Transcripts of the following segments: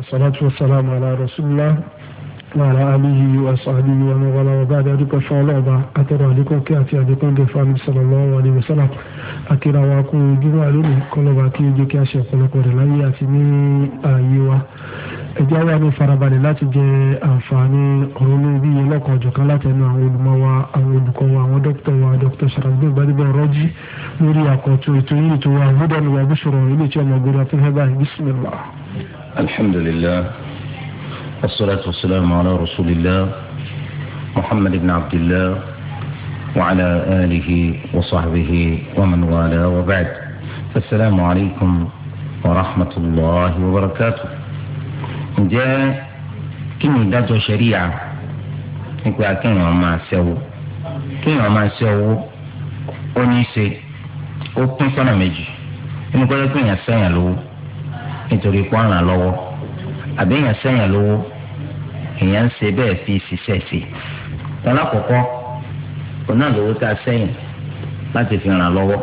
asalatu salam ala rasulillah ala alihi wasaali ọmọ wa làwọn bá dáadé pẹ fún ọlọ́ọ̀bá atọ́rọ̀ àdékọ́kí àti àdékọ́ńgẹ̀ fún àmì sallallahu alaihi wasallam àkìrà wa kú ojúbọ àlónì kọlọ́ba kí ojú kí a ṣe ọ̀pọ̀lọpọ̀ rẹ̀ láyé àti ní ààyè wa ẹjẹ́ wa ní farabalẹ̀ láti jẹ àǹfààní ọ̀rọ̀ olóbi yẹn lọ́kàn ọ̀jọ̀kan láti ẹnu àwọn olùmọ̀ wa àwọn olùkọ́ wa àwọn dókítà wa dókítà sàràgbé gbadébọ̀ rọ́jí lórí àkọ́tún ètò yìí tó wa àbúdànù wa bíṣọ̀rọ̀ ilé tí ọmọ gbọdọ̀ afẹ́fẹ́ báyìí bísímìlá. الحمد لله والصلاة والسلام على رسول الله محمد بن عبد الله وعلى آله وصحبه ومن والاه وبعد فالسلام عليكم ورحمة الله وبركاته جاء كم داتو شريعة nípa kéèyàn máa ṣẹ́wó kéèyàn máa ṣẹ́wó ó ní í ṣe ó pín nítorí pọ́nrán lọ́wọ́ àbẹ́yàn sẹ́yàn lówó èèyàn ń ṣe bẹ́ẹ̀ fi ṣiṣẹ́ sí i tọ́lákọ̀ọ́kọ́ òun náà lówó tá a sẹ́yìn láti fi ràn lọ́wọ́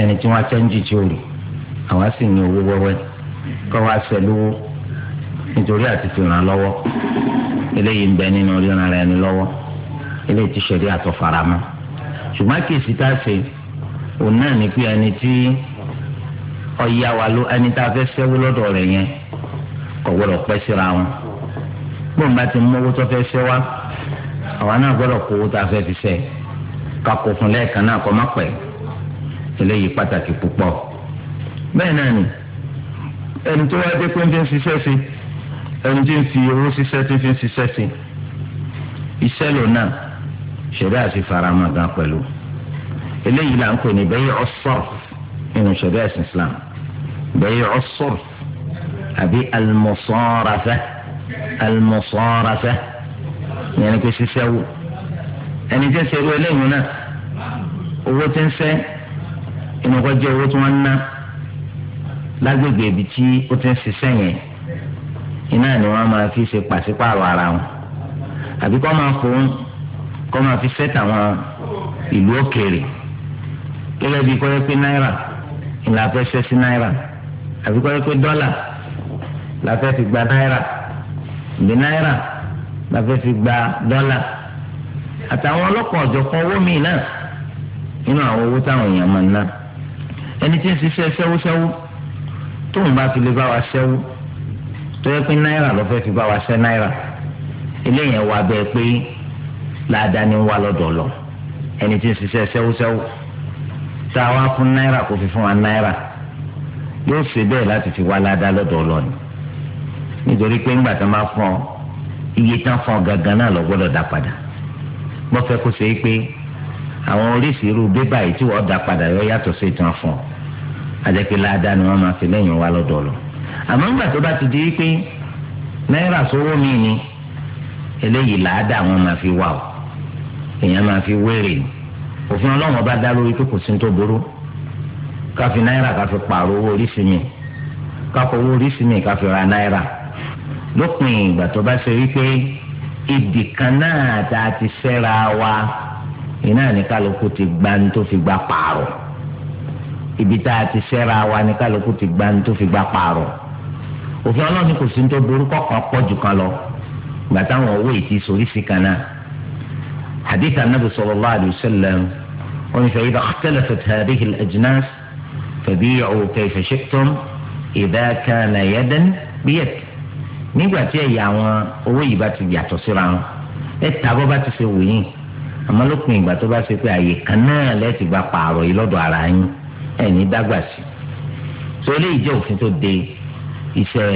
ẹni tí wọ́n á tẹ́ńjì tí ò rí àwọn á sì ní owó wẹ́wẹ́ kọ́ wá ṣẹ nítorí àti fi ràn lọ́wọ́ eléyìí ń bẹ nínú ríran lọ́wọ́ eléyìí ti ṣẹ̀rí àtọ̀faramọ́ ṣùgbọ́n kìsì tá a ṣe òun náà ní pé ọ̀ya wà ló ẹni tá a fẹ́ fẹ́wó lọ́dọ̀ rẹ̀ yẹn kò gbọ́dọ̀ pẹ́ síra wọn bóun bá ti mú owó tó fẹ́ fẹ́ wá àwa náà gbọ́dọ̀ kó owó tá a fẹ́ fi fẹ́ ká kó fún lẹ́ẹ̀kan náà kọ́ má pẹ́ eléyìí pàtàkì púpọ̀ bẹ́ẹ̀ náà ni ẹni tó wá dé pé ń fi ń ṣiṣẹ́ sí ẹni tí ń fi owó ṣiṣẹ́ tí ń fi ń ṣiṣẹ́ sí iṣẹ́ lò náà ṣẹ̀dá àti faramọ́ gan pẹ̀lú eléyìí là ń pè ní bẹ́ẹ̀ ọ̀sọ́ọ̀f nínú ṣẹ̀dá ẹ̀sìn Islam bẹ́ẹ̀ ọ̀sọ̀r àbí àlùmọ̀sọ́rafẹ́ àlùmọ̀sọ́rafẹ́ ìyẹn ni pé ṣiṣẹ́ wò ẹni tí ń ṣe irú eléyìí náà owó tí ń fẹ́ inú kọ́ jẹ́ owó tí wọ́n ń ná lágbègbè ibi tí ó ti ń ṣiṣẹ́ yẹn iná ni wọ́n máa fi ṣe pàṣípààrọ̀ ara wọn àbí kọ́ máa fòun kọ́ máa fi ṣẹ́tà wọn ìlú òkèèrè gẹ́gẹ́ bí kọ́ yẹ pé náírà ìlà fẹ́ ṣẹ́ sí náírà àbíkọ́ yẹ pé dọ́là la fẹ́ fi gba náírà bí náírà la fẹ́ fi gba dọ́là àtàwọn ọlọ́kọ̀ ọ̀jọ̀kan owó míì náà nínú àwọn owó táwọn èèyàn máa ń ná ẹni tí ń ṣiṣẹ́ ṣẹ́wóṣẹ́wó tóun bá fi lè bá wa ṣẹ́wó tó yẹ pé náírà ló fẹ́ fi bá wa ṣẹ́ náírà eléyẹn wà bẹ́ẹ̀ pé láàdáa ni ń wá lọ́dọ̀ lọ ẹni tí ń ṣiṣẹ́ ṣẹ́wóṣẹ́wó tá a wá fún náírà kó fi fún wa náírà yóò ṣe bẹ́ẹ̀ láti fi wá ládá lọ́dọ̀ ọlọ́ni nítorí pé ńgbà tó máa fọ́n iye tán fọ́n gangan náà lọ gbọ́dọ̀ dá padà wọ́n fẹ́ kó ṣe é pé àwọn oríṣi irú bébà yìí tí wọ́n dá padà yọ yàtọ̀ sí ìtàn fọ́n àjẹpẹ́ ládá ni wọ́n máa fi lẹ́yìn wá lọ́dọ̀ ọlọ́ àmọ́ ńgbà tó bá ti di pé náírà sówó mi ni eléyìí làádá wọn máa fi wà o èèyàn máa fi wéèrè òfin ọlọ́run ọba dá lórí pé kò sí ní tó burú káfi náírà káfi pààrọ̀ owó oríṣi mi káfọ owó oríṣi mi káfi ra náírà lópin ìgbà tó bá ṣe wípé ibì kan náà tá a ti fẹ́ra wa iná ní kálukú ti gba ní tó fi gba pààrọ̀ ibi tá a ti fẹ́ra wa ní kálukú ti gba ní tó fi gba pààrọ̀ òfin ọlọ́run kò sí ní tó borúkọ kan pọ̀ jù kan lọ gbà táwọn owó yìí ti sórí kan náà hadith anabi sallallahu alayhi wa sallam wọn fẹ́ yìí bá tẹ́lẹ̀ fẹ́ tẹ́lẹ̀ rí fabi'u kayfa shi'tum idha kana yadan biyad nígbà tí ẹ̀yà àwọn owó yìí bá ti yàtọ̀ síra wọn ẹ ta bó bá ti ṣe wù yín àmọ́ lópin ìgbà tó bá ṣe pé àyè kan náà lẹ́ẹ̀tì gba pààrọ̀ yìí lọ́dọ̀ ara yín ẹ̀yìn dágbà sí i tó eléyìí jẹ́ òfin tó de iṣẹ́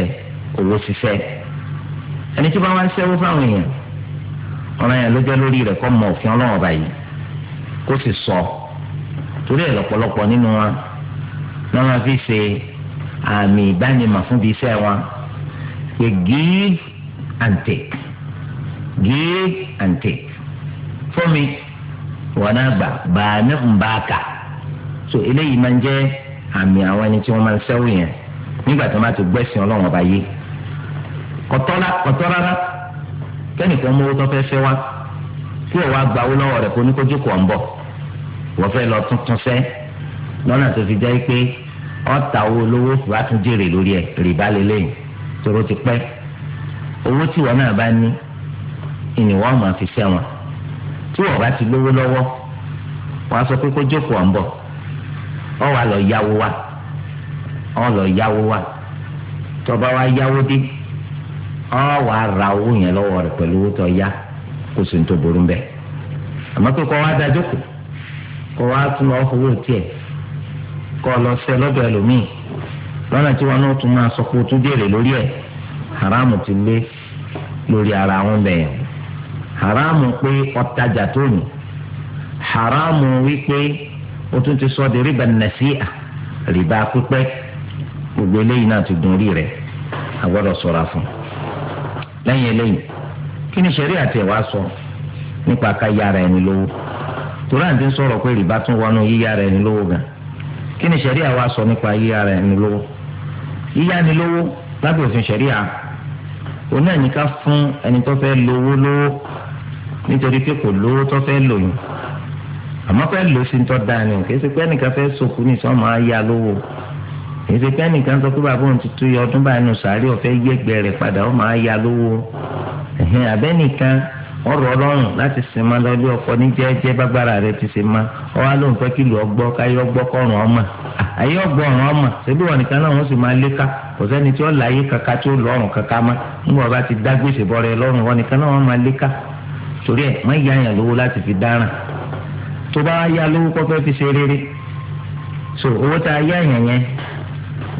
owó ṣiṣẹ́ ẹni tí bá wá ń ṣẹ́wó fáwọn èèyàn ọ̀ràn yẹn ló jẹ́ lórí rẹ̀ kó mọ òfin ọlọ́wọ́ báyìí kó sì sọ torí ẹ̀ lọ́pọ̀lọpọ̀ nínú wọn náà máa fi ṣe àmì ìdánimọ̀ fún bí iṣẹ́ wọn pé give and take give and take fún mi wọn náà gbà bá a ní ń a kà so eléyìí máa ń jẹ́ àmì àwọn ẹni tí wọ́n máa ń sẹ́wò yẹn nígbà tí wọ́n bá ti gbẹ́sìn ọlọ́run ọba yìí kọ̀tọ́lá kọ̀tọ́lára kẹ́nìkan mú owó tó fẹ́ fẹ́ wá tí ò wá gbà owó lọ́wọ́ rẹ̀ kó ní kó jókòó ọ̀ ń bọ̀ wọ́n fẹ́ lọ tuntun fẹ́ lọ́nà tó fi jẹ́ pé ọ̀tà owó olówó bá tún jèrè lórí ẹ̀ rìbá lélẹ́yìn tóró ti pẹ́ owó tí wọn náà bá ní ìníwọ́ máa fi sẹ́wọ̀n tí wọn bá ti lówó lọ́wọ́ wọn á sọ pé kó jókòó ọ̀n bọ̀ ọ wà lọ yáwó wa ọ lọ yáwó wa tọba wa yáwó dé ọ wà ra owó yẹn lọ́wọ́ rẹ̀ pẹ̀lú owó tó yá kó sì ń tó burú bẹ́ẹ̀ àmọ́ pé kọ́ wa dájókòó kọ́ wa tún lọ́ọ́ fowó tiẹ̀ kọ́ ọ lọ sí ẹlọ́dọ̀ ẹlòmíì lọ́nà tí wọn náà tún máa sọ pé o tún béèrè lórí ẹ̀ haramu ti lé lórí ara wọn bẹ̀yẹn haramu pé ọ̀tajà tó ní haramu wípé o tún ti sọ di rìbá nàṣíà rìbá pípẹ́ gbogbo eléyìí náà ti dùn orí rẹ̀ àgbọ́dọ̀ ṣọ́ra fún lẹ́yìn eléyìí kí ni sẹ́rí àti ẹ̀wá sọ nípa ká yára ẹni lówó torí àǹtí ń sọ̀rọ̀ pé rìbá tún wọnú yíyára ẹni lówó gan-an kí ni sẹ̀ríà wa sọ nípa yíya rẹ̀ ní lówó yíya ni lówó lábẹ́ òfin sẹ̀ríà òun náà ní ká fún ẹni tó fẹ́ lówó lówó nítorí pé kò lówó tó fẹ́ lòyìn àmọ́ fẹ́ lò sí tó dáa ni kìí ṣe pé ẹnìkan fẹ́ sọkù ní sọ máa ya lówó kìí ṣe pé ẹnìkan sọ pé bàbá òun tuntun yọ ọdún báyìí nù sàárẹ̀ ọ̀fẹ́ yẹgbẹ́ rẹ̀ padà ó máa ya lówó ẹ̀hìn abẹ́nìkan ọ̀rọ̀ ọlọ́run láti sìn ma lọ́jọ́ ọkọ ní jẹ́jẹ́ bágbára rẹ ti sìn ma ọ ló ń fẹ́ kí lù ọgbọ́ káyọ̀ ọgbọ́ kọ̀ọ̀rùn ọmọ àyè ọgbọ́ ọmọ wọn nìkan náà wọ́n sì máa léka kò sẹ́ni tí ó kaka tí ó lọ́rùn kaka ma nígbà ọba ti dá gbèsè wọn nìkan náà wọ́n máa léka torí ẹ̀ má fi dáràn tó bá lówó kọ́ fẹ́ rere so owó tá a yá yàn yẹn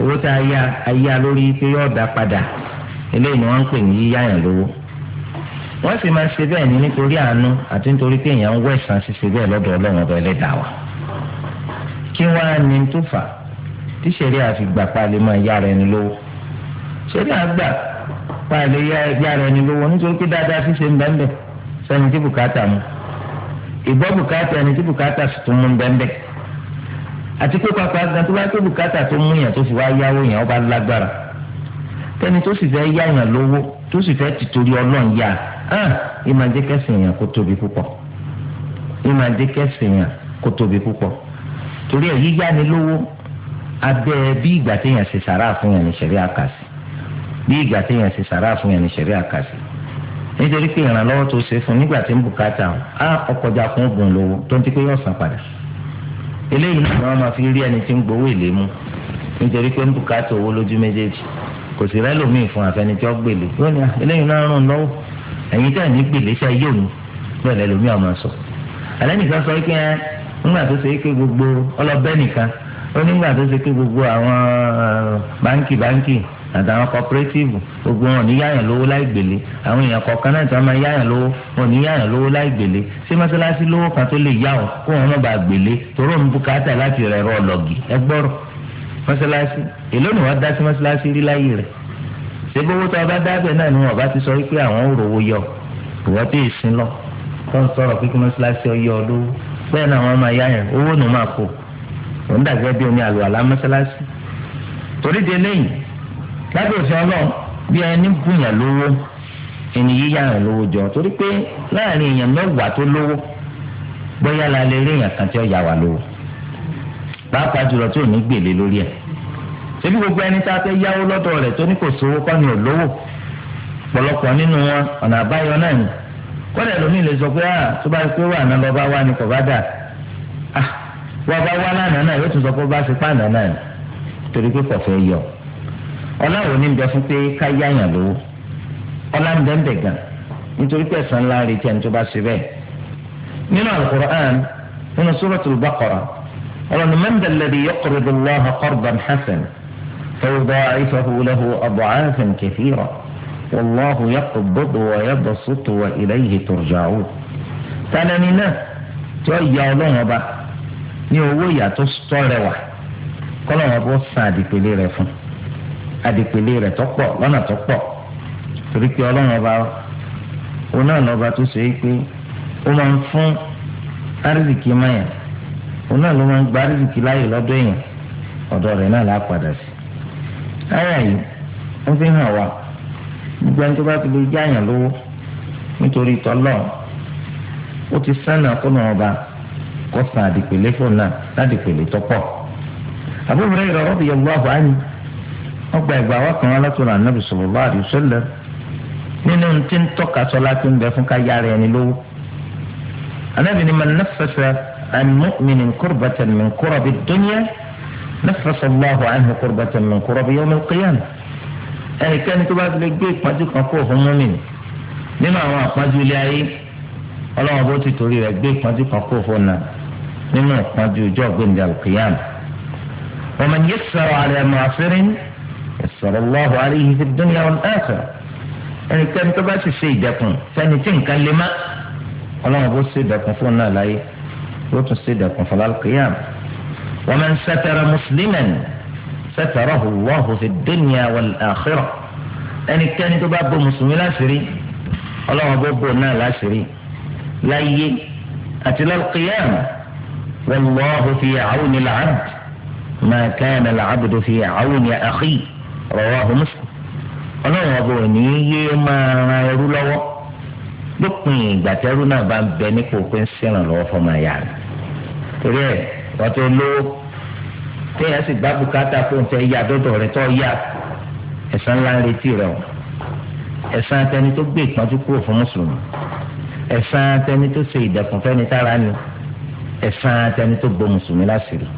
owó tá a a lórí pé padà eléyìí ni wọ́n sì máa ṣe bẹ́ẹ̀ ni nítorí àánú àti nítorí pé èèyàn ń wẹ̀sán ṣiṣẹ́ bẹ́ẹ̀ lọ́dọ̀ ọlọ́run ọba ẹlẹ́dàá wa kí wọ́n á ní tó fà tí sẹ́rí àfi gbà pa lè máa yára ẹni lówó sẹ́rí àgbà pa lè yára ẹni lówó nítorí pé dáadáa ṣiṣẹ́ ń bẹ́ẹ̀ sẹ́ni tí bùkátà mu ìgbọ́ bùkátà ẹni tí bùkátà sì tún mú bẹ́ẹ̀ àti pé pàpà gan tó bá pé bùkátà tó mú yàn tó fi tẹni tó sì fẹ́ yá lówó tó sì fẹ́ tìtorí ọlọ́run yá ah ìmọ̀ jẹ́ kẹsì èèyàn kó tóbi púpọ̀ ìmọ̀ jẹ́ kẹsì èèyàn kó tóbi púpọ̀ torí ẹ̀ yíyáni lówó abẹ́ bí ìgbà téèyàn ṣe sàrà fún yàn ní sẹ̀rí àkàsì bí ìgbà téèyàn ṣe sàrà fún yàn ní sẹ̀rí àkàsì nítorí pé ìrànlọ́wọ́ tó ti pé yóò san padà eléyìí náà máa fi rí ẹni tí ń gbowó owó ẹ̀yin tí a ní gbèlè ṣe ayé òní bẹ́ẹ̀ lẹ́lòmíì sọ. àlẹ́ nìkan sọ pé ẹ nígbà tó ṣe pé gbogbo ọlọ́bẹ̀ nìkan ó nígbà tó ṣe pé gbogbo àwọn báńkì báńkì àtàwọn kọpírẹ́tìfù gbogbo wọn ò ní yáyàn lówó láì gbèlè àwọn èèyàn si náà tí wọ́n máa yáyàn lówó wọn ò ní yáyàn lówó láì gbèlè ṣé mọ́ṣáláṣí lówó kan tó lè yá ọ kó wọn má gbèlè torí láti rẹ̀ ọlọ́gì ẹgbọ́rọ̀ ṣebí owó tó ọba dábẹ náà ni wọn bá ti sọ wípé àwọn ò rówó yọ ìwọ tó ìsìn lọ tó ń sọ̀rọ̀ pé kí mọ́ṣáláṣí ọyọ ọdún bẹ́ẹ̀ náà wọn máa yá yẹn owó nù máa kó òun dàgbẹ́ bí omi àlùwàlá mọ́ṣáláṣí torí de lẹ́yìn lábẹ́ òfin Ọlọ́run bí ẹni bùyàn lówó ẹni yíyá yẹn lówó jọ torí pé láàrin èèyàn mẹ́wàá tó lówó bóyá la lè rí èèyàn kan tí ó yà wá lówó pàápàá jùlọ tí ò ní gbèlè lórí ẹ̀ ebi gbogbo ẹni tá a fẹ́ yáwó lọ́dọ̀ rẹ̀ tó ní kò sówó kọ́ ni ò lówó pọ̀lọpọ̀ nínú wọn ọ̀nà àbáyọ náà ni kọ́dà lómi lè sọ pé ah tó bá pé wà náà lọ́ba wá ni kò bá dà ah wọ́n bá wá lánàá náà yóò tún sọ pé bá ṣe pàànà náà ni torí pé kò fẹ́ yọ ọlọ́run ní bẹ fún pé ká yáyàn lówó ọlá ń bẹ́ẹ̀ bẹ́ẹ̀ gan nítorí pé ẹ̀sán ńlá rí tí tó bá ṣe bẹ́ẹ̀ nínú al nínú Suratul Baqarah ọlọ́run man dhal ladhi yuqridu Allaha qardan فيضاعفه له أضعافا كثيرة والله يقبض ويبسط وإليه ترجعون تنمينا تأيى الله با ni owó ìyàtọ̀ tọrẹ wà kọlọ́wọ́n bó san àdìpẹ̀lẹ̀ rẹ̀ fún àdìpẹ̀lẹ̀ rẹ̀ tọ́pọ̀ lọ́nà tọ́pọ̀ torí pé ọlọ́wọ́n bá wọn náà lọ́ba tó ṣe é pé ó máa ń fún árìsìkì máyà òun náà ló máa ń gba árìsìkì láàyè lọ́dọ̀ èèyàn ọ̀dọ̀ rẹ̀ náà lápadà sí ara yìí ó fi hàn wá gbogbo ẹni tó bá ti lè jáàyàn lówó nítorí ó ti sánà kónà ọba kó san àdìpèlé fún náà láti pèlè tọ́pọ̀ àbúrò rẹ̀ rọ̀ ọ́bì yẹn lọ́wọ́ àbáyé wọ́n gba ìgbà wá kan ànábì nínú ń sọlá ń bẹ fún ká yára ẹni lówó ànábì ni نفس الله عنه قربة من قرب يوم القيامة أي يعني كانت بعد لقيت ما جيك أقوه مؤمن لما هو أخمجي لأي الله أبوتي تريد لقيت ما جيك هنا. لما أخمجي جوب عند القيامة ومن يسر على معصر يسر الله عليه في الدنيا والآخرة أي يعني كانت بعد الشيء دقون ثاني تنكلم الله أبوتي تريد لقيت ما جيك أقوه لأي وتسيدكم فلا القيامه ومن ستر مسلما ستره الله في الدنيا والآخرة أن كان باب مسلم لا شري الله باب لا شري لي أتلى القيامة والله في عون العبد ما كان العبد في عون أخي رواه مسلم الله باب ني ما يرو لقني باترنا باب بينك وبين سيرا الله فما يعلم wọ́tò lówó téèyàn sì gbá bùkátà kó n fẹ́ yá dọ́dọ̀ rẹ̀ tó yá ẹ̀san ńlá ń retí rẹ̀ o ẹ̀san atẹni tó gbé ìpọ́njú kúrò fún mùsùlùmí ẹ̀san atẹni tó ṣe ìdẹ̀kùn fẹ́ni tára ni ẹ̀san atẹni tó gbó mùsùlùmí láṣìírí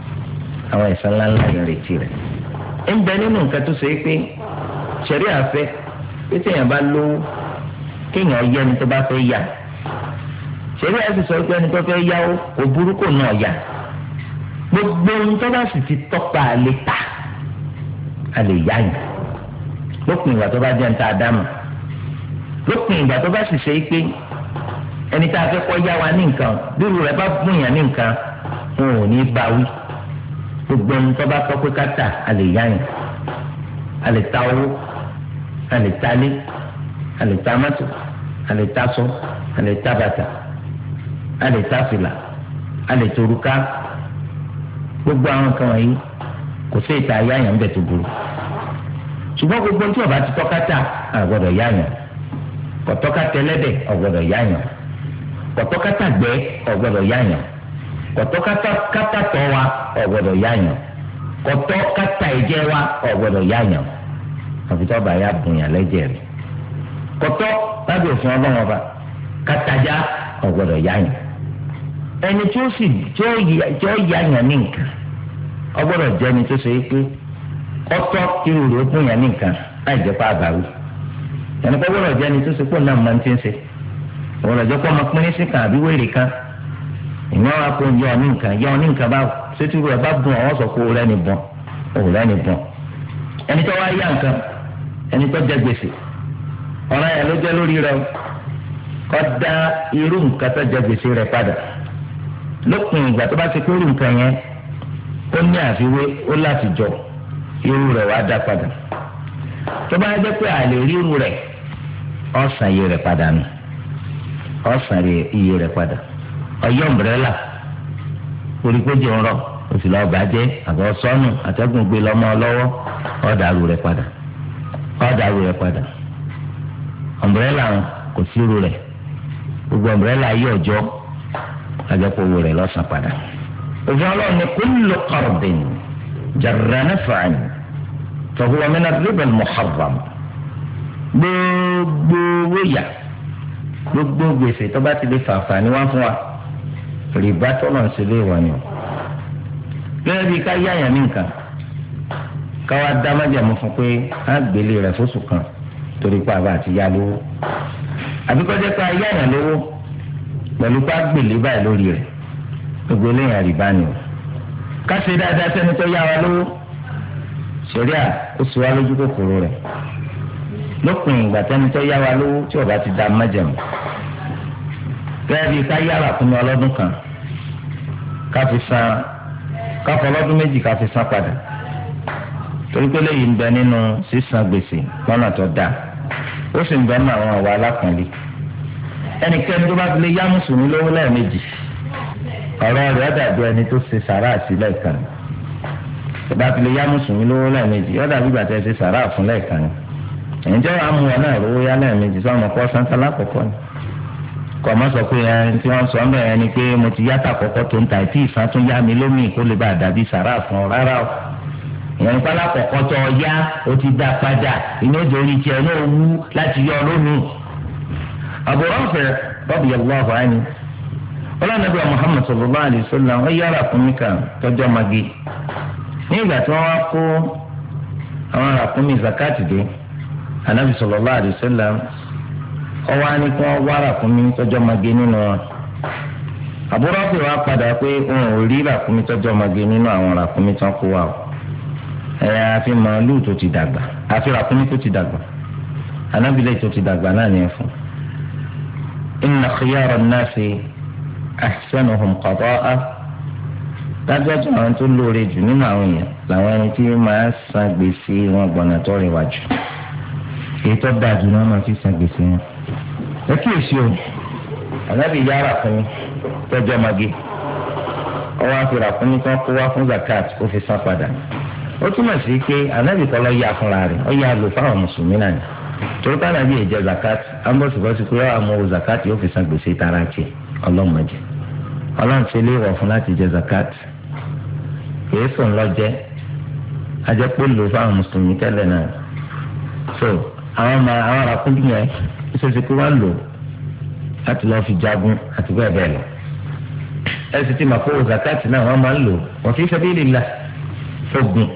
àwọn ẹ̀san ńlá ńlá ń retí rẹ̀ ń bẹ nínú nǹkan tó ṣe é pé ṣẹ̀rí àfẹ́ pé téèyàn bá lówó kéèyàn yẹ ẹni tó bá fẹ́ yá ṣẹ̀rí àfẹ́ sọ pé ẹni tó fẹ́ yáwó kò burúkú náà yá gbogbo ohun tó bá sì ti tọ́pa àlè ta àlè yá yìí lópin ìgbà tó bá jẹ́ níta dámà lópin ìgbà tó bá sì ṣe é pé ẹni tá a fẹ́ kọ́ yá wa ní nǹkan bírú rẹ̀ bá fún yàn ní nǹkan wọn ò ní bá wí gbogbo ohun tó bá tọ́ pé ká tà àlè yá yìí àlè ta owó àlè ta lé àlè ta mọ́tò àlè ta sọ àlè ta bàtà àlè ta fìlà àlè torúká. gbogbo àwọn kan wọ̀nyí kò sí ìta ayé àyàn bẹ̀ tó burú ọba ti tọ́kátà àgbọ̀dọ̀ yáyàn kọ̀tọ́kátà ẹlẹ́dẹ̀ ọ̀gbọ̀dọ̀ yáyàn kọ̀tọ́kátà gbẹ́ ọ̀gbọ̀dọ̀ yáyàn kọ̀tọ́kátà tọ́ wa ọ̀gbọ̀dọ̀ yáyàn kọ̀tọ́kátà ẹ̀jẹ̀ wa ọ̀gbọ̀dọ̀ yáyàn àfi tí ọba yà lẹ́jẹ̀ rẹ̀ kọ̀tọ́ lábẹ́ òfin ẹni tí ó sì tí ó yà ní nǹkan ọgbọ́dọ̀ jẹ́ ẹni tó ṣe é pé ọtọ́ kí rò ó fún ní nǹkan láì jẹ́ pé àbáwí ẹni pé ọgbọ́dọ̀ jẹ́ ẹni tó ṣe pọ̀ náà máa ń ti ń ṣe ọgbọ́dọ̀ jẹ́ pé ọmọ pínrín sí kan àbí wèrè kan ìyẹn wàá kó yọ ní nǹkan yọ ní nǹkan báwò sétí rẹ̀ bá bùn sọ pé òun lẹ́ni òun lẹ́ni ẹni tó nǹkan ẹni da irú nǹkan lópin ìgbà tó bá ti pé nǹkan yẹn ó ní àfiwé ó láti jọ irú rẹ̀ wá dá padà tó bá jẹ́ pé àlè ríru rẹ̀ ọ̀sán iye rẹ̀ padà nù ọ̀sán iye padà ọ̀yọ́ ọ̀mbrẹ́là oríkójì ń oṣù bàjẹ́ àbọ̀ sọ́nù àtẹ́gùn gbé lọ́mọ lọ́wọ́ ọ̀dàrú padà ọ̀dàrú rẹ̀ padà ọ̀mbrẹ́là kò sí irú rẹ gbogbo àjẹpọ̀ owó rẹ̀ lọ́sàn padà. òfin ọlọ́run ni kullu qardin jarra naf'an fa huwa min ar-riba al-muharram gbogbo owó yà gbogbo gbèsè tó bá ti lè fàǹfà ni wọ́n fún wa rìbá tọ́nà ń ṣẹlẹ̀ wà ni o. bí ká yáyàn ní nǹkan káwá dá fún pé á gbélé rẹ̀ fóṣù kan torí pé àbá àti yá lówó àbíkọ́jẹ́ pé a yáyàn lówó pẹ̀lú bá gbèlè báyìí lórí rẹ̀ gbogbo eléyìí àríbá ni o ká ṣe dáadáa sẹ́ni tó yá wa lówó sẹ́ríà ó sì wá lójú kòkòrò rẹ̀ lópin ìgbà sẹ́ni tó yá wa lówó tí ọba ti da májẹ̀mú gẹ́gẹ́ ká yára fún mi ọlọ́dún kan ká fi san ká fọ ọlọ́dún méjì ká fi san padà torí pé lẹ́yìn bẹ nínú sísan gbèsè lọ́nà tó dáa ó sì ń bẹ nínú àwọn ọ̀wà alákànlé ẹnikẹ́ni tó bá fi lè yá mùsùlùmí lówó lẹ́ẹ̀mejì ọ̀rọ̀ rẹ̀ dàbí ẹni tó ṣe sàrà sílẹ̀ kan tó bá fi lè yá mùsùlùmí lówó lẹ́ẹ̀mejì ó dàbí ìgbà tẹ́ ṣe sàrà fún lẹ́ẹ̀kan ǹjẹ́ wàá mú wọn náà lówó yá lẹ́ẹ̀mejì sọ́mọ kọ́ sáńtà lákòókò ni kọ́ mọ́ sọ pé ẹni tí wọ́n sọ mẹ́rin ni pé mo ti yáta kọ́kọ́ tó ń ta ìtì ìfà tún yá mi lómi kó lè bá dàbí sàrà fún ọ rárá o ìyẹn nípa lákòókò tó ọ yá o ti dá padà ìnáwó orí tiẹ̀ náà wú láti yọ ọ Abu Rafi radiyallahu anhu ọlọ́nàbíà Muhammad sallallahu alayhi wa sallam ó yára fúnmi kan tọ́jú ọmọge ní ìgbà tí wá kó àwọn anabi sallallahu wa sallam ọwọ́ kí wọ́n wá ràkúnmí tọ́jú ọmọge nínú wọn Abu Rafi wá padà pé òun ò rí ràkúnmí tọjọ ọmọge nínú àwọn ràkúnmí tán kó wa o ẹ̀yà àfi màálù tó ti dàgbà àfi ti dàgbà anabi tó ti dàgbà إن خيار الناس أحسنهم قضاء. qada'a dájọ́jọ́ àwọn tó lóore jù nínú àwọn èèyàn làwọn ẹni tí máa san gbèsè wọn gbọ̀nà tó rẹwà jù èyí tó dáa jù náà máa fi san gbèsè wọn. ẹ kíyèsí o ànábì yára fún mi tọ́jú ọmọge ọwọ́ àfihàn fún mi kí kó wá fún zakat ó fi san padà ó túmọ̀ sí pé ànábì kọ́ lọ́ọ́ yá fúnra rẹ̀ ó yá lò fáwọn mùsùlùmí náà torí ká nàbí ìjẹ zakat ambọ̀sibọ́sí pé yóò àmọ́ zakat yóò fi san gbèsè tara jẹ ọlọ́mọdé ọlọ́run ṣe lè wọ̀ fún láti jẹ zakat kìí sùn lọ́jẹ́ ajẹ́pẹ́ lò fáwọn mùsùlùmí tẹ́lẹ̀ náà so àwọn ọmọ àwọn arákùnrin yẹn ìṣèṣe pé wọ́n lò láti lọ́ọ́ fi jagun àti bẹ́ẹ̀ bẹ́ẹ̀ lọ ẹ sì ti mà kó zakat náà wọ́n máa ń lò wọ́n fi sabilillah ogun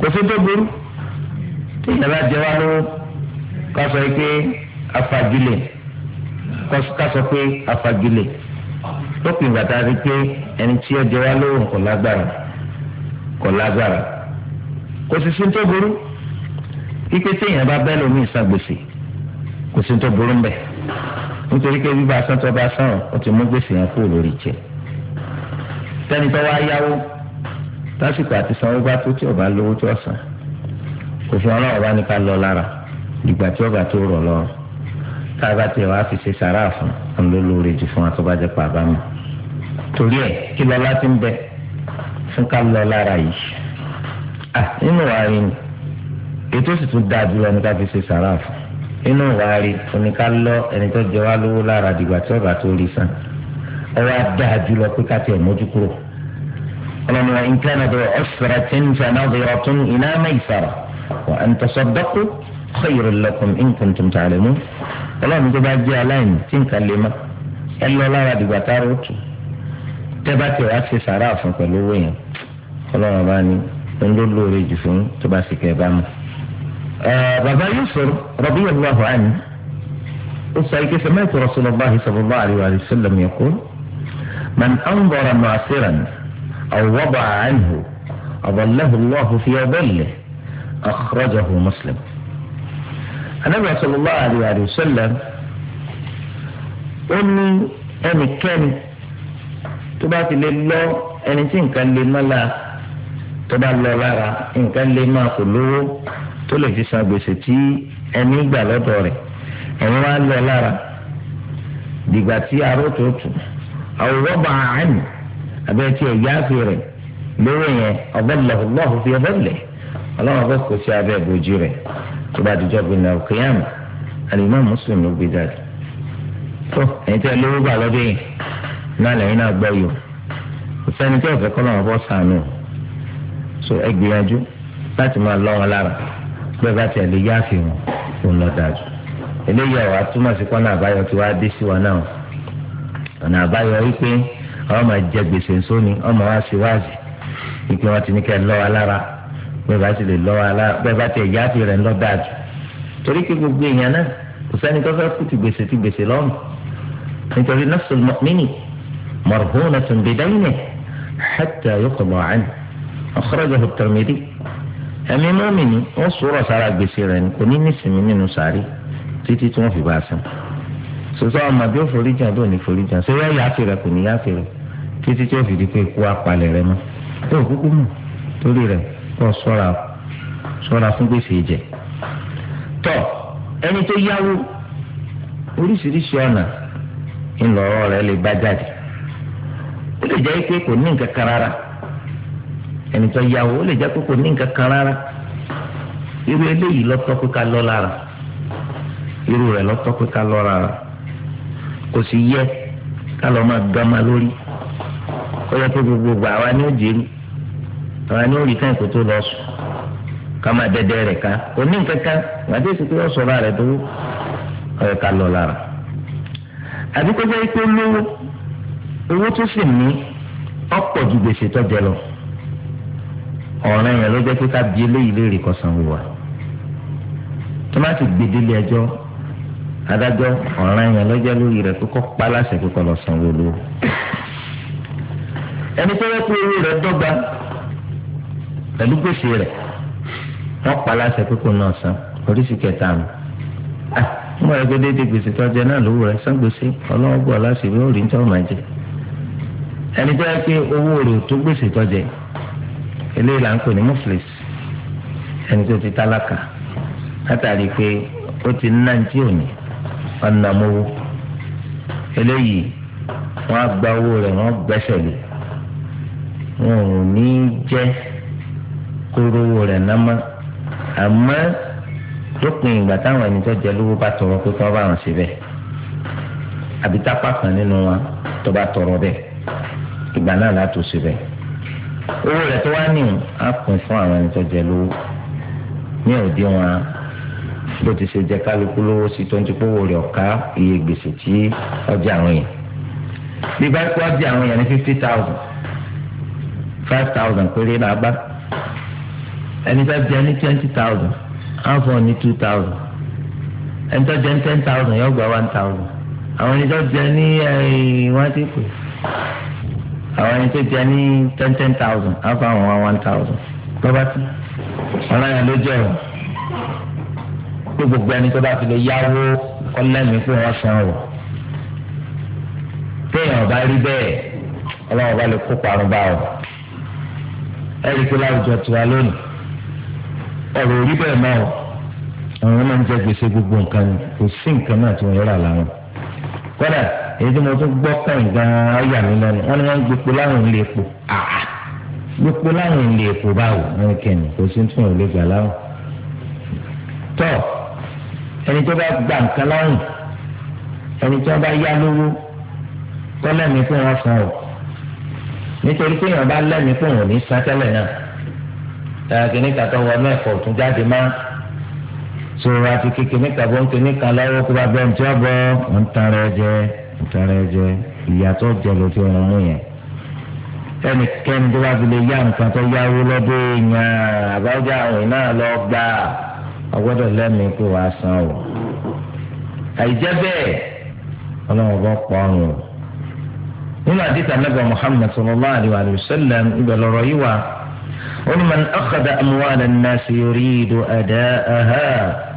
kò sí tó burú tí ìyàrá jẹ wá lówó kásọ pé afagilé kásọ pé afagilé lópin ìgbà tá a rí pé ẹni tí ẹ jẹ wá lóhùn kò lágbára kò lágbára kò sì sí tó burú ike téèyàn bá bẹ́ẹ̀ lómi ìsan gbèsè kò sí tó burú mbẹ nítorí pé bíbá asán tó bá sàn ó ti mú gbèsè yẹn kúrò lórí jẹ tẹni tó wá yáwó tásìkò àti sanwó bá tó tí ò bá lówó tí ò sàn òfin ọlọ́run bá ní ká lọ lára ìgbà tí ọba tó rọ̀ lọ tá a bá tẹ wàá fi ṣe sàrà fún un ló lóore jù fún wa tó bá jẹ pàbá mọ torí ẹ kí lọlá ti ń bẹ fún ká lọ lára yìí à nínú wa rí ni ètò sì tún dáa jùlọ ní ká fi ṣe sàrà fún nínú wa rí ká lọ ẹni tó jẹ wá lówó lára dìgbà tí ọba tó rí san ọwọ́ dáa jùlọ pé ká tiẹ̀ mójú kúrò ọlọ́run wa nǹkan náà bẹ̀rẹ̀ ọ̀sẹ̀rẹ̀ tí ń fẹ́ náà bẹ̀rẹ̀ ọ̀tún iná mẹ́ìsára wà ń tọ́sọ خير لكم إن كنتم تعلمون الله من جبال جالين تنكلمة إلا لا رد بتاروت تبات واسي سراف كلوين الله باني من دول ريجفون تباسي كبام آه، بابا يسر رضي الله عنه أسألك سمعت رسول الله صلى الله عليه وسلم يقول من أنظر معسرا أو وضع عنه أظله الله في ظله أخرجه مسلم anabi sallallahu alayhi wa sallam ó ní ẹnikẹ́ni tó bá ti lè lọ ẹni tí nǹkan lè má la tó bá lọ lára nǹkan lè má kò lówó tó lè fi san gbèsè tí ẹni gbà lọ́dọ̀ rẹ̀ ẹni wá lọ lára dìgbà tí aró tó tù àwòrán abẹ́rẹ́ tí ẹ̀yà fi rẹ̀ lówó yẹn ọ̀bẹ̀lẹ̀ ọ̀bẹ̀lẹ̀ fi ọ̀bẹ̀lẹ̀ ọlọ́run ọ̀bẹ̀ kò sí abẹ́ ìbòjú rẹ̀ tó bá dijọ́ bí nà kéyàmù alimami muslim ló gbé jáde tó ẹ̀yin tẹ́ lówó bá lọ́dún yìí náà lẹ́yìn náà gbọ́ yìí o kò sẹ́ni tí ọ̀fẹ́ kọ́ lọ́wọ́ bọ́ sànù o so ẹ gbìyànjú láti máa lọ́ wọn lára bẹ́ẹ̀ bá tiẹ̀ lè yá àfihàn òun lọ dájú eléyìí ọ̀wá túmọ̀ sí pọ́nà àbáyọ tí wàá dé sí wa náà ọ̀nà àbáyọ yìí pé àwọn jẹ gbèsè nsóni ọmọ wa sí wáàzì ìpè wọn ti ní kẹ́ lọ́ lára bẹ́ẹ̀ bá ti lè lọ alá bẹ́ẹ̀ bá ti ẹ̀yà ti rẹ̀ ń lọ dáa jù torí pé gbogbo èèyàn náà kò sẹ́ni tó fẹ́ kú ti gbèsè ti gbèsè lọ́rùn nítorí nafsul mu'mini marhunatun bidaynihi hatta yuqda anhu akhrajahu at-Tirmidhi ẹ̀mí mọ́mìnì wọ́n sọ̀rọ̀ sára gbèsè rẹ̀ kò ní nísìmí nínú sàárì títí tí wọ́n fi bá a sìn sọsọ ọmọ bí ó forí jà bí ò ní forí jà sọ yóò yááfì rẹ kò ní yááfì rẹ títí tí ó fi di pé ikú apalẹ̀ rẹ mọ́ ó kúkú mọ̀ torí rẹ̀ kọ́ sọ́ra sọ́ra fún gbèsè jẹ. tọ́ ẹni tó yáwó oríṣiríṣi ọ̀nà ńlọrọ̀ rẹ̀ lè bá jáde ó lè jẹ́ pé kò ní nǹkan kan rárá ẹni tó yáwó ó lè jẹ́ pé kò ní nǹkan kan rárá irú eléyìí lọ́tọ́ pé ká lọ́ lára irú rẹ̀ lọ́tọ́ pé ká lọ́ lára kò sì yẹ ká lọ́ máa gbọ́n máa lórí kó yẹ pé gbogbo àwa ni ó jẹ́rìí àwọn ẹni orí tán kò tó lọ sùn ká máa dẹdẹ rẹ ká kò ní wàdí ìsìnkú yóò sọ̀rọ̀ rẹ tó ká lọ lára. àbí kó jẹ́ pé lówó owó tó sì ní ọ̀pọ̀ ju gbèsè tọ́jẹ lọ ọ̀ràn yẹn ló jẹ́ pé ká bí eléyìí léèrè sanwó wa tó má ti gbèdélé ẹjọ́ adájọ́ yẹn ló jẹ́ lórí kókó kókó lọ sanwó pẹ̀lú gbèsè rẹ̀ wọ́n pa aláṣẹ pípọ̀ náà san oríṣi kẹta nù. Ah, mo rẹ̀ gbẹ́dẹ́ dé gbèsè tó jẹ náà lówó rẹ̀ san gbèsè ọlọ́wọ́ bọ̀ aláṣẹ bí ó rí nítorí màá jẹ. ẹni tó yẹ pé owó rẹ̀ tó gbèsè tó jẹ eléyìí là ń pè ní muflis ẹni tó ti tálákà látàrí pé ó ti ná ní tí ò ní ọ̀nà mowó eléyìí wọ́n á gba owó rẹ̀ wọ́n gbẹ́sẹ̀ lé wọn ò ní jẹ́ kó rówó rẹ̀ námá àmọ́ lópin ìgbà táwọn ẹni tó jẹ lówó bá tọrọ pé kí wọ́n bá wọn ṣe bẹ́ẹ̀ àbí tápá kan nínú wọn tó bá tọrọ bẹ́ẹ̀ ìgbà náà látò ṣe bẹ́ẹ̀ owó rẹ̀ tó wá ní á pín fún àwọn ẹni tó jẹ lówó ní òdi wọn bó ti ṣe jẹ kálukú lówó sí tó ń ti kówó rẹ̀ ọ̀ká iye gbèsè tí ọjà àwọn yẹn bí bá kó ọjà àwọn yẹn ní fifty thousand five thousand péré náà bá ẹni tó jẹ ní twenty thousand á fún ní two thousand ẹni tó jẹ ní ten thousand yóò gba one thousand àwọn ẹni tó jẹ ní wọ́n ti pè àwọn ẹni tó jẹ ní ten ten thousand á fún àwọn one thousand lọ́ba tí ọ̀nà yẹn ló jẹ́ o pé gbogbo ẹni tó bá fi lè yáwó ọlẹ́mìí pé wọ́n san o téèyàn bá rí bẹ́ẹ̀ ọlọ́wọ́ bá lè kó parun bá o ẹ̀rí pé láwùjọ tiwa lónìí ọ̀rọ̀ orí bẹ́ẹ̀ náà o àwọn máa ń jẹ gbèsè gbogbo nǹkan ni kò sí nǹkan náà tí wọ́n yọrọ àlàwọn kódà èyí tí mo tún gbọ́ kàn gan-an ayà mi lẹ́nu wọ́n ní wọ́n ń gbèpò láwọn ilé epo àà gbèpò láwọn ilé epo báwo wọ́n kẹ́ni kò sí tún ò lè gbà láwọn. tọ́ ẹni tó bá gba nǹkan láwọn ẹni tó bá yá lówó kọ́ lẹ́mìí fún wọn san o nítorí pé èèyàn bá lẹ́mìí fún òun ní sátẹ́lẹ̀ náà kìnìún kan tó wọ mẹ́fọ̀ tún jáde má sọ̀rọ̀ àti kìnìún kan bó ń kìnìún kan lọ́wọ́ kó bá bẹ́ẹ̀ ní tí wọ́n bọ́ ń tan rẹ jẹ ń tan rẹ jẹ ìyàtọ̀ jẹ ló ti rán mú yẹn ẹnikẹ́ni tó bá fi lè yá nǹkan tó yáwó lọ́dọ̀ èèyàn àbájá àwìn náà lọ gbà ọgbọ́dọ̀ lẹ́mìí pé wàá san o àìjẹ́ bẹ́ẹ̀ ọlọ́run bá pọ̀ ọ̀run nínú àdìsá nàbà Muhammad sallallahu alaihi wa sallam ibẹ̀ lọ́rọ̀ yìí wà. ومن أخذ أموال الناس يريد أداءها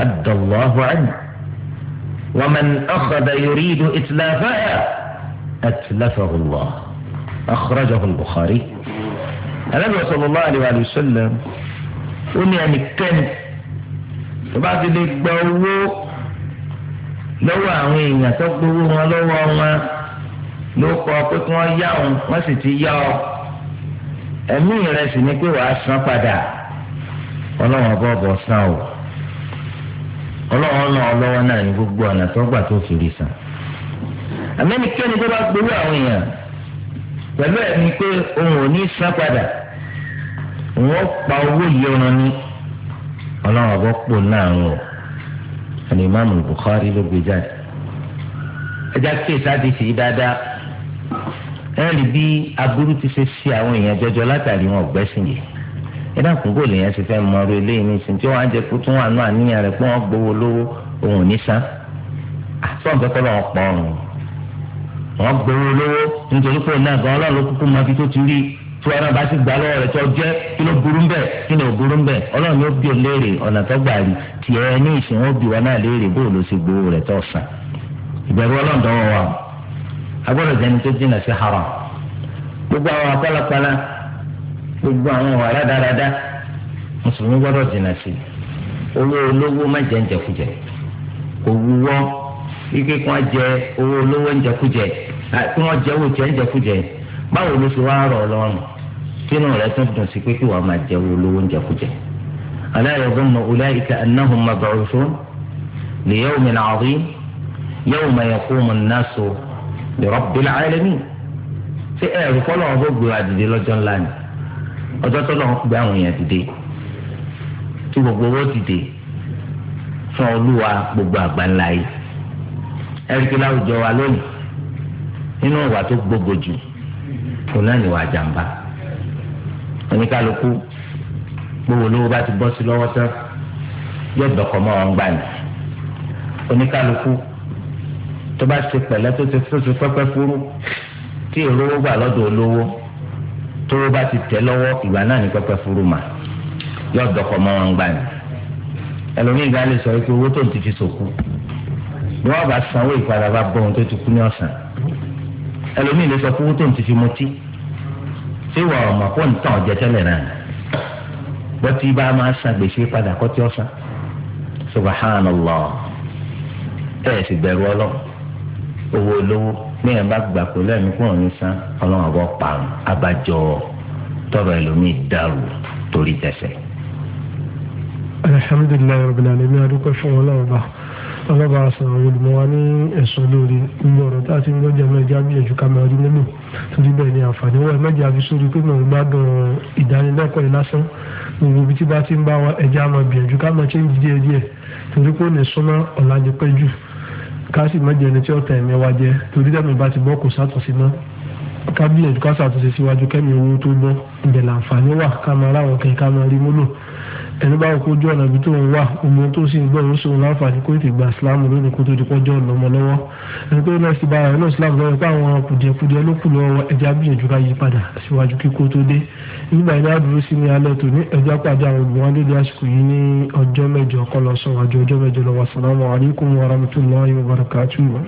أدى الله عنه ومن أخذ يريد إتلافها أتلفه الله أخرجه البخاري النبي صلى الله عليه وآله وسلم ó أن يعني كان tó bá ti lè gba owó lọ́wọ́ àwọn èèyàn tó gbowó wọn ẹ̀mí rẹ sì ni pé wàá san padà ọlọ́run ọba ọbọ̀ san o ọlọ́run náà lọ́wọ́ náà ní gbogbo ọ̀nà tó gbà tó fi rí san àmẹ́nikẹ́ni tó bá gbowó àwọn èèyàn pẹ̀lú ẹ̀mí pé òun ò ní san padà òun ó pa owó yìí ọ̀ràn ni ọlọ́run ọba pò náà ń wọ̀ ẹni Imam Bukhari ló gbé jáde ẹja kí èsì àti ìsì dáadáa. ẹ̀rí bí aburú ti ṣe ṣe àwọn èèyàn jọjọ látàrí wọn ọ̀gbẹ́sìn yìí ẹ dákun kó lèèyàn ṣe fẹ́ mọ ọ̀rọ̀ eléyìí nísìnyí tí wọ́n á jẹ kó tún wà nù àníyàn rẹ̀ pé wọ́n gbowó lówó òun ò ní san àtọ́ nǹkan tó lọ́wọ́ pọ̀ ọ̀run wọ́n gbowó lówó nítorí fi tó ti rí tí wọn náà bá sì gbà lọ́wọ́ rẹ̀ jẹ́ kí ló burú bẹ́ẹ̀ kí ló burú bẹ́ẹ̀ ọlọ́run bí léèrè ọ̀nà tó gbà rí agbọ́dọ̀ jẹ́ni tó jìnnà sí haram gbogbo àwọn akọ́lápalá gbogbo àwọn ọ̀hún aládàáradá mùsùlùmí gbọ́dọ̀ jìnnà sí owó olówó má jẹ́ njẹkújẹ kò wúwọ́ ike kí wọ́n jẹ owó olówó njẹkújẹ kí wọ́n jẹ owó jẹ njẹkújẹ báwo ló ṣe wá rọ̀ ọlọ́run kínú rẹ̀ tún dùn sí pé kí wọ́n máa jẹ owó olówó njẹkújẹ. ألا يظن أولئك أنهم مبعوثون ليوم عظيم يوم يقوم الناس Rabbil alamin ṣé ẹ̀rù kọ́ lọ́wọ́ gbogbo àdìdè lọ́jọ́ ńlá ni ọjọ́ tó lọ́wọ́ gbé àwọn èèyàn dìde tí gbogbo owó dìde fún olúwa gbogbo àgbáńlá yìí ẹ̀rù kí láwùjọ wa lónìí nínú ìwà tó gbogbo jù kò náà níwà jàǹbá oníkálukú gbogbo olówó bá ti bọ́ sí lọ́wọ́ tán yóò dọ̀kọ̀ mọ́ wọn gbà ní oníkálukú tó bá ṣe pẹ̀lẹ́ tó ti fúnṣe pẹ́pẹ́ fúrú tí ìrówó gbà lọ́dọ̀ olówó tówó bá ti tẹ̀ lọ́wọ́ ìgbà náà ní pẹ́pẹ́ fúrú mà yóò dọ̀kọ̀ mọ́ wọn gbà ní. ẹlòmíì gan lè sọ pé owó tó ti fi sòkú ni wọ́n bá sanwó ìpadà bá bọ́ ohun tó ti kú ní ọ̀sán ẹlòmíì lè sọ pé owó tó ti fi mutí tí wọ́n ọ̀mọ̀ kó ń tàn jẹ tẹ́lẹ̀ náà bọ́tí bá máa san gbèsè padà kọ́tí ọ̀sán subhanallah ẹ̀ sì bẹ̀rù ọlọ́run owó olówó ní ẹ̀ bá gbà pé lẹ́nu kúrò ní san ọlọ́run ọ̀bọ parun abájọ tọrọ ẹlòmíì dàrú torí tẹsẹ̀. alhamdulilayi rabbil alamin adúpẹ́ fún wọn lọ́wọ́ bá ọlọ́ba àṣàrò olùmọ̀ wa ní ẹ̀sùn lórí gbogbo ọ̀rọ̀ tá a ti ń lọ́jà mẹ́jọ àbíyànjú kámẹ́rà ọdún mẹ́lò torí bẹ́ẹ̀ ni àǹfààní wọ̀ mẹ́jọ àfi sórí pé mò ń gbádùn ìdánilẹ́kọ̀ọ́ yìí lásán gbogbo ibi tí bá ti ń bá wa ẹ̀já máa gbìyànjú ká máa ṣe ká sì má jẹ ẹni tí ọ̀tá ẹ̀mí wa jẹ torí dẹ́mi bá ti bọ́ kò sátúnṣe mọ́ ká gbìyànjú ká sàtúnṣe síwájú kẹ́mi owó tó bọ́ ibẹ̀ làǹfààní wà ká máa kẹ́ ká rí múlò ẹni bá kó ojú ọ̀nà ibi tó ń wà ọmọ tó sì ń gbọ́ òun sóun láǹfààní kó ètè gba ìsìláàmù lónìí kó tó di pọ́jọ́ ọ̀nà ọmọ lọ́wọ́ ẹni pé nọ́ọ̀sì bá ara náà ìsìláàmù lọ́wọ́ pé àwọn kùdìẹ̀kùdìẹ̀ ló kù lọ́wọ́ ẹja gbìyànjú ká yí padà síwájú kíkó tó dé nígbà yìí ládùúró sí ní alẹ́ tòní ẹja pàdé àwọn olùwọ́n dédé àsìkò yìí ní ọjọ́ mẹ́jọ kọ́ lọ́sàn